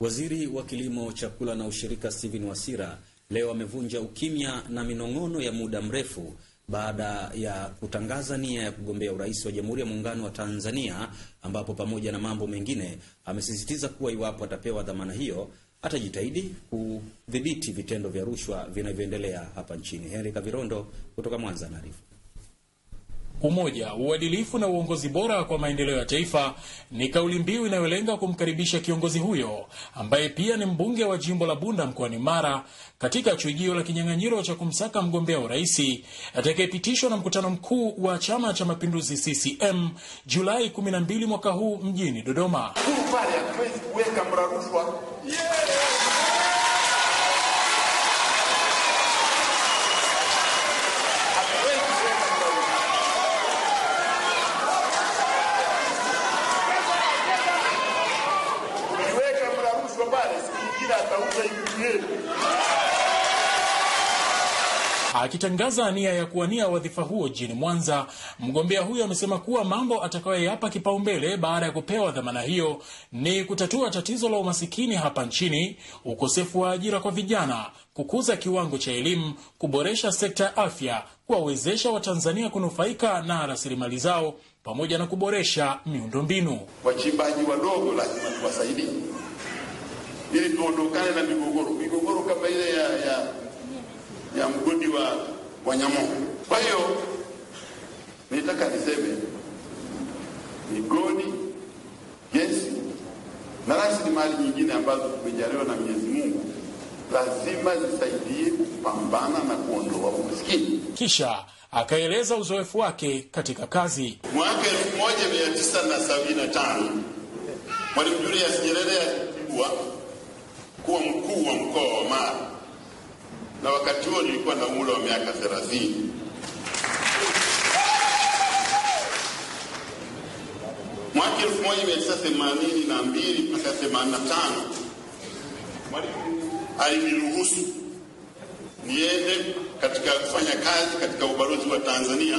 Waziri wa Kilimo, Chakula na Ushirika Steven Wasira leo amevunja ukimya na minong'ono ya muda mrefu baada ya kutangaza nia ya kugombea urais wa Jamhuri ya Muungano wa Tanzania, ambapo pamoja na mambo mengine amesisitiza kuwa iwapo atapewa dhamana hiyo atajitahidi kudhibiti vitendo vya rushwa vinavyoendelea hapa nchini. Henry Kavirondo kutoka Mwanza anaarifu umoja, uadilifu na uongozi bora kwa maendeleo ya taifa ni kauli mbiu inayolenga kumkaribisha kiongozi huyo ambaye pia ni mbunge wa jimbo la Bunda mkoani Mara katika chujio la kinyang'anyiro cha kumsaka mgombea urais atakayepitishwa na mkutano mkuu wa Chama cha Mapinduzi CCM Julai 12 mwaka huu mjini Dodoma. pale hatuwezi kuweka Yeah! Akitangaza nia ya kuwania wadhifa huo jijini Mwanza, mgombea huyo amesema kuwa mambo atakayoyapa kipaumbele baada ya kupewa dhamana hiyo ni kutatua tatizo la umasikini hapa nchini, ukosefu wa ajira kwa vijana, kukuza kiwango cha elimu, kuboresha sekta ya afya, kuwawezesha Watanzania kunufaika na rasilimali zao, pamoja na kuboresha miundombinu. Wachimbaji wadogo lazima tuwasaidie ili tuondokane na migogoro, migogoro kama ile ya ya, ya mgodi wa Bwanyamogo. Kwa hiyo nitaka niseme migodi, gesi na rasilimali nyingine ambazo tumejaliwa na Mwenyezi Mungu lazima zisaidie kupambana na kuondoa umaskini. Kisha akaeleza uzoefu wake katika kazi. Mwaka 1975 Mwalimu Julius Nyerere alikuwa mkuu wa mkoa wa Mara, na wakati huo nilikuwa na umri wa miaka thelathini. Mwaka elfu mpaka themanini mwalimu aliniruhusu niende katika kufanya kazi katika ubalozi wa Tanzania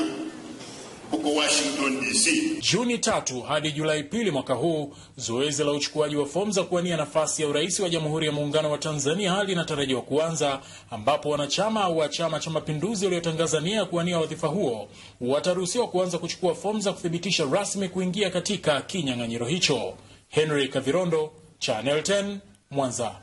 huko Washington DC. Juni tatu hadi Julai pili mwaka huu, zoezi la uchukuaji wa fomu za kuwania nafasi ya urais wa Jamhuri ya Muungano wa Tanzania hali inatarajiwa kuanza, ambapo wanachama wa Chama cha Mapinduzi waliotangaza nia ya kuwania wadhifa huo wataruhusiwa kuanza kuchukua fomu za kuthibitisha rasmi kuingia katika kinyang'anyiro hicho. Henry Kavirondo, Channel 10, Mwanza.